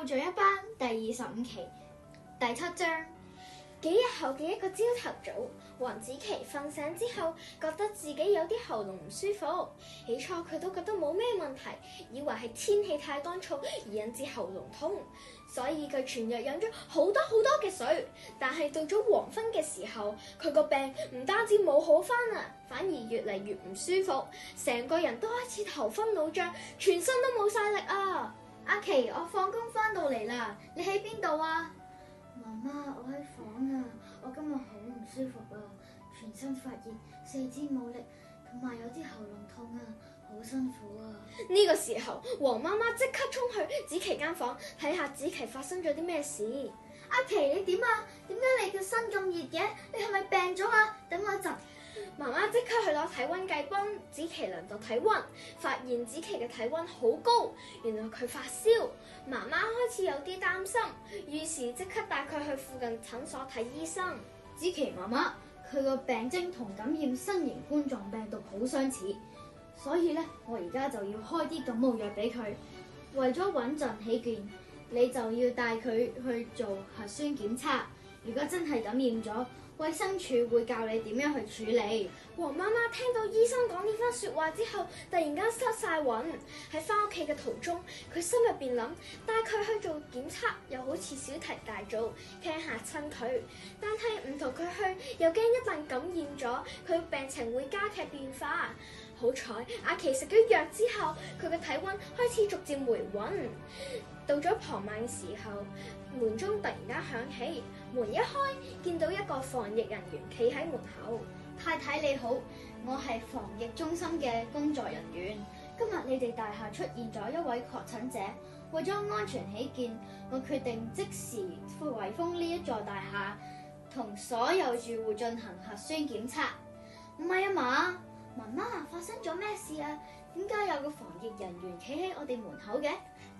做咗一班第二十五期第七章，幾日後嘅一個朝頭早，王子琪瞓醒之後，覺得自己有啲喉嚨唔舒服。起初佢都覺得冇咩問題，以為係天氣太乾燥而引致喉嚨痛，所以佢全日飲咗好多好多嘅水。但係到咗黃昏嘅時候，佢個病唔單止冇好返啊，反而越嚟越唔舒服，成個人都開始頭昏腦脹，全身都冇晒力啊！阿琪，我放工翻到嚟啦，你喺邊度啊？媽媽，我喺房啊，我今日好唔舒服啊，全身發熱，四肢冇力，同埋有啲喉嚨痛啊，好辛苦啊！呢個時候，黃媽媽即刻衝去子琪間房睇下子琪發生咗啲咩事。阿琪，你點啊？點解你嘅身咁熱嘅？你係咪病咗啊？等我一陣。媽媽即刻去攞體溫計幫子琪量度體溫，發現子琪嘅體溫好高，原來佢發燒。媽媽開始有啲擔心，於是即刻帶佢去附近診所睇醫生。子琪媽媽，佢個病徵同感染新型冠狀病毒好相似，所以咧，我而家就要開啲感冒藥俾佢。為咗穩陣起見，你就要帶佢去做核酸檢測。如果真係感染咗，衛生署會教你點樣去處理。王媽媽聽到醫生講呢番説話之後，突然間失晒魂。喺翻屋企嘅途中，佢心入邊諗：帶佢去做檢測，又好似小題大做，聽下親佢；但係唔同佢去，又驚一陣感染咗，佢病情會加劇變化。好彩，阿琪食咗藥之後，佢嘅體溫開始逐漸回穩。到咗傍晚嘅時候，門鐘突然間響起，門一開，見到一個防疫人員企喺門口。太太你好，我係防疫中心嘅工作人員。今日你哋大廈出現咗一位確診者，為咗安全起見，我決定即時去圍封呢一座大廈，同所有住戶進行核酸檢測。唔係啊嘛？媽媽，發生咗咩事啊？點解有個防疫人員企喺我哋門口嘅？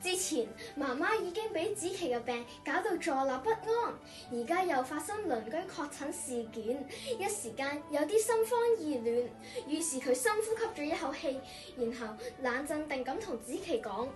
之前媽媽已經俾子琪嘅病搞到坐立不安，而家又發生鄰居確診事件，一時間有啲心慌意亂，於是佢深呼吸咗一口氣，然後冷靜定咁同子琪講。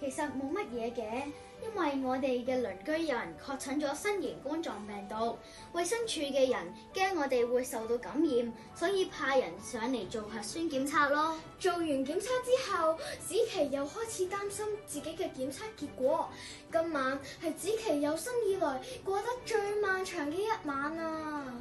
其實冇乜嘢嘅，因為我哋嘅鄰居有人確診咗新型冠狀病毒，衛生署嘅人驚我哋會受到感染，所以派人上嚟做核酸檢測咯。做完檢測之後，子琪又開始擔心自己嘅檢測結果。今晚係子琪有生以來過得最漫長嘅一晚啊！